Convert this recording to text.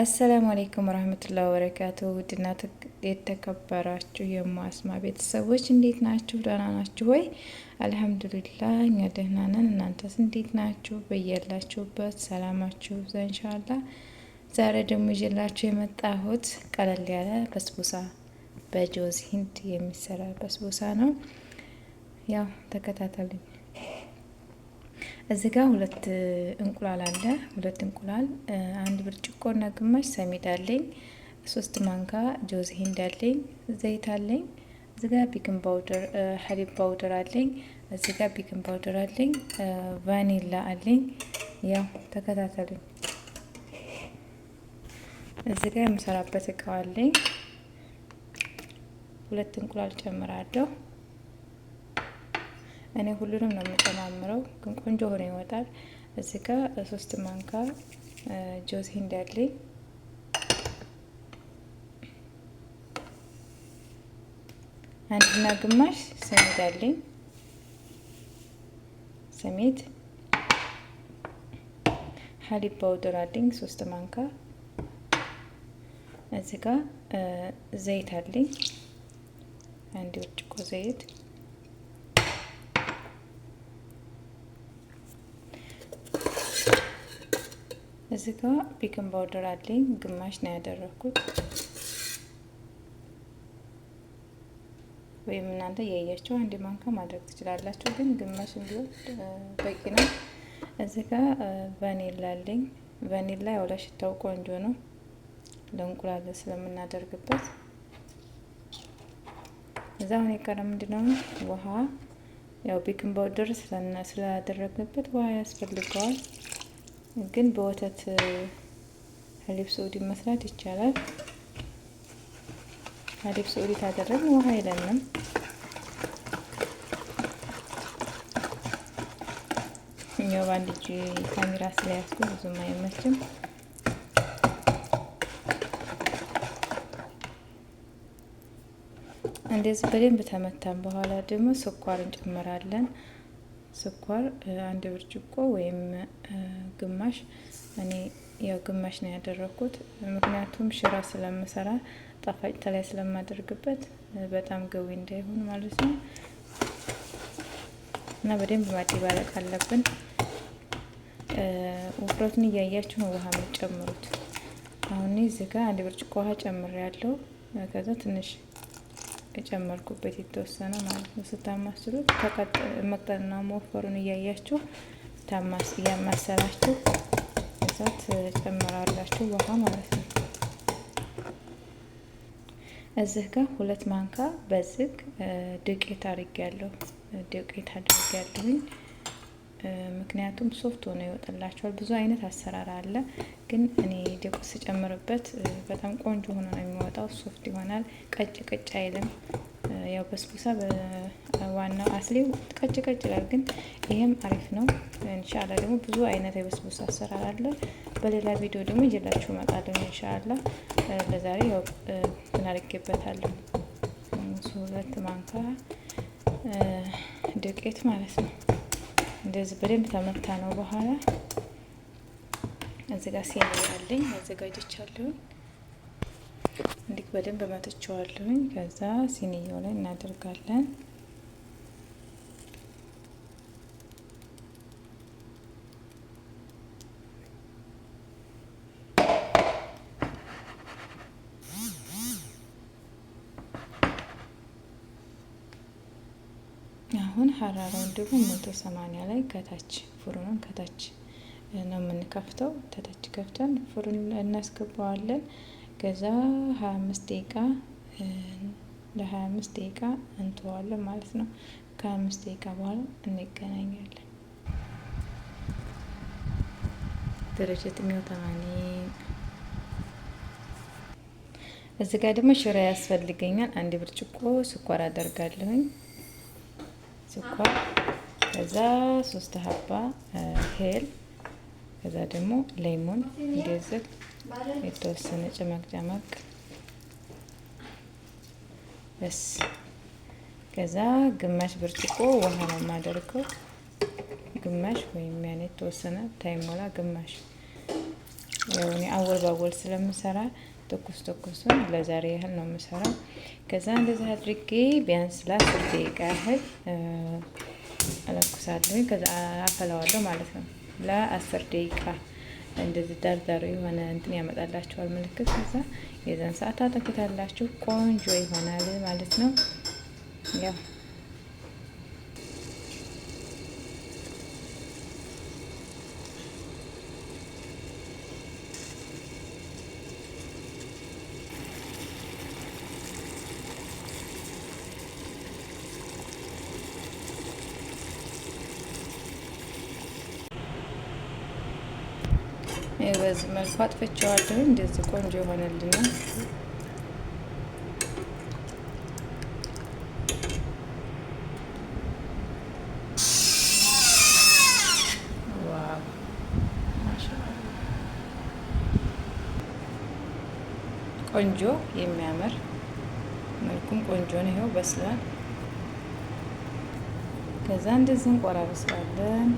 አሰላሙ አሌይኩም ረህመቱላህ ወበረካቱ። ውድና የተከበራችሁ የማስማ ቤተሰቦች እንዴት ናችሁ? ደህና ናችሁ ወይ? አልሐምዱሊላህ እኛ ደህና ነን። እናንተስ እንዴት ናችሁ? በያላችሁበት ሰላማችሁ ይብዛ እንሻላ። ዛሬ ደግሞ ይዤላችሁ የመጣሁት ቀለል ያለ በስቡሳ በጆዝ ሂንድ የሚሰራ በስቡሳ ነው። ያው ተከታተሉኝ። እዚህ ጋ ሁለት እንቁላል አለ። ሁለት እንቁላል፣ አንድ ብርጭቆና ግማሽ ሰሚድ አለኝ። ሶስት ማንካ ጆዝ ሂንድ አለኝ። ዘይት አለኝ። እዚህ ጋር ቢክን ፓውደር፣ ሀሊብ ፓውደር አለኝ። እዚህ ጋር ቢክን ፓውደር ሀሊብ ፓውደር አለኝ እዚህ ጋር ፓውደር አለኝ ቫኒላ አለኝ። ያው ተከታተሉኝ። እዚህ ጋር የምሰራበት እቃ አለኝ። ሁለት እንቁላል ጨምራለሁ። እኔ ሁሉንም ነው የምጨማምረው፣ ግን ቆንጆ ሆኖ ይወጣል። እዚህ ጋር ሶስት ማንካ ጆስ ሂንድ አለኝ። አንድና ግማሽ ሰሜት አለኝ። ሰሜት ሀሊብ ፓውደር አለኝ ሶስት ማንካ። እዚህ ጋር ዘይት አለኝ አንድ ብርጭቆ ዘይት እዚህ ጋ ቤኪንግ ፓውደር አለኝ ግማሽ ነው ያደረኩት፣ ወይም እናንተ እያያችሁ አንድ ማንካ ማድረግ ትችላላችሁ፣ ግን ግማሽ እንዲሆን በቂ ነው። እዚህ ጋ ቫኒላ አለኝ። ቫኒላ ያው ለሽታው ቆንጆ ነው፣ ለእንቁላል ስለምናደርግበት እዛ አሁን የቀረ ምንድነው ውሃ ያው ቤኪንግ ፓውደር ስላደረግንበት ውሃ ያስፈልገዋል። ግን በወተት ሀሊብ ሰዑዲ መስራት ይቻላል። ሀሊብ ሰዑዲ ታደረግን ውሃ አይለንም። እኛው በአንድ እጅ ካሜራ ስለያዝኩ ብዙም አይመችም። እንደዚህ በደንብ ተመታን በኋላ ደግሞ ስኳር እንጨምራለን። ስኳር አንድ ብርጭቆ ወይም ግማሽ እኔ ያው ግማሽ ነው ያደረኩት። ምክንያቱም ሽራ ስለምሰራ ጣፋጭ ተላይ ስለማደርግበት በጣም ገዊ እንዳይሆን ማለት ነው እና በደንብ ማደባለቅ አለብን። ውፍረቱን እያያችሁ ነው ውሃ የምትጨምሩት። አሁን እዚህ ጋር አንድ ብርጭቆ ውሃ ጨምር ያለው ከዛ ትንሽ ጨመርኩበት የተወሰነ ማለት ነው። ስታማስሉት መቅጠንና መወፈሩን እያያችሁ እያማሰላችሁ እሳት ጨምራላችሁ ውሃ ማለት ነው። እዚህ ጋር ሁለት ማንካ በዝግ ዱቄት አድርጊያለሁ። ዱቄት አድርጊያለሁኝ ምክንያቱም ሶፍት ሆኖ ይወጥላቸዋል። ብዙ አይነት አሰራር አለ፣ ግን እኔ ደቆስ ስጨምርበት በጣም ቆንጆ ሆኖ ነው የሚወጣው። ሶፍት ይሆናል፣ ቀጭ ቀጭ አይልም። ያው በስቡሳ ዋናው አስሌው ቀጭ ቀጭ ይላል፣ ግን ይሄም አሪፍ ነው። እንሻላ ደግሞ ብዙ አይነት የበስቡሳ አሰራር አለ። በሌላ ቪዲዮ ደግሞ እየላችሁ እመጣለሁ። እንሻላ ለዛሬ ያው እናደርግበታለሁ ሁለት ማንካ ዱቄት ማለት ነው። እንደዚህ በደንብ ተመታ ነው በኋላ እዚህ ጋር ሴን ያለኝ አዘጋጀቻለሁኝ እንዲህ በደንብ መጥቼዋለሁኝ። ከዛ ሲኒያው ላይ እናደርጋለን። ሀራራውን ደግሞ መቶ ላይ ከታች ፍሩኑን ከታች ነው የምንከፍተው። ተታች ከፍተን ፍሩን እናስገባዋለን። ከዛ ሀያ አምስት ደቂቃ ለሀያ አምስት ደቂቃ እንተዋለን ማለት ነው። ከሀያ አምስት ደቂቃ በኋላ እንገናኛለን። ደረጀት ሚው ተማኒን እዚህ ጋር ደግሞ ሽራ ያስፈልገኛል። አንድ ብርጭቆ ስኳር አደርጋለሁኝ። ስኳር፣ ከዛ ሶስት ሀባ ሄል፣ ከዛ ደግሞ ሌሞን እንደዚህ የተወሰነ ጭመቅ ጨመቅ በስ። ከዛ ግማሽ ብርጭቆ ውሃ ነው የማደርገው። ግማሽ ወይም ያኔ የተወሰነ ታይሞላ ግማሽ ያው እኔ አወል ባወል ስለምሰራ ትኩስ ትኩሱን ለዛሬ ያህል ነው የምሰራው። ከዛ እንደዚህ አድርጌ ቢያንስ ለአስር ደቂቃ ያህል አለኩሳለሁ። ከዛ አፈላዋለሁ ማለት ነው ለአስር ደቂቃ እንደዚህ ዳርዳሩ የሆነ እንትን ያመጣላችኋል ምልክት። ከዛ የዛን ሰዓት አጠፍታላችሁ ቆንጆ ይሆናል ማለት ነው ያው በዚህ መልኩ አጥፍቼዋለሁ። እንደዚህ ቆንጆ ይሆነልኛል። ቆንጆ የሚያምር መልኩም ቆንጆ ነው። ይኸው በስሏል። ከዛ እንደዚህ እንቆራርሰዋለን።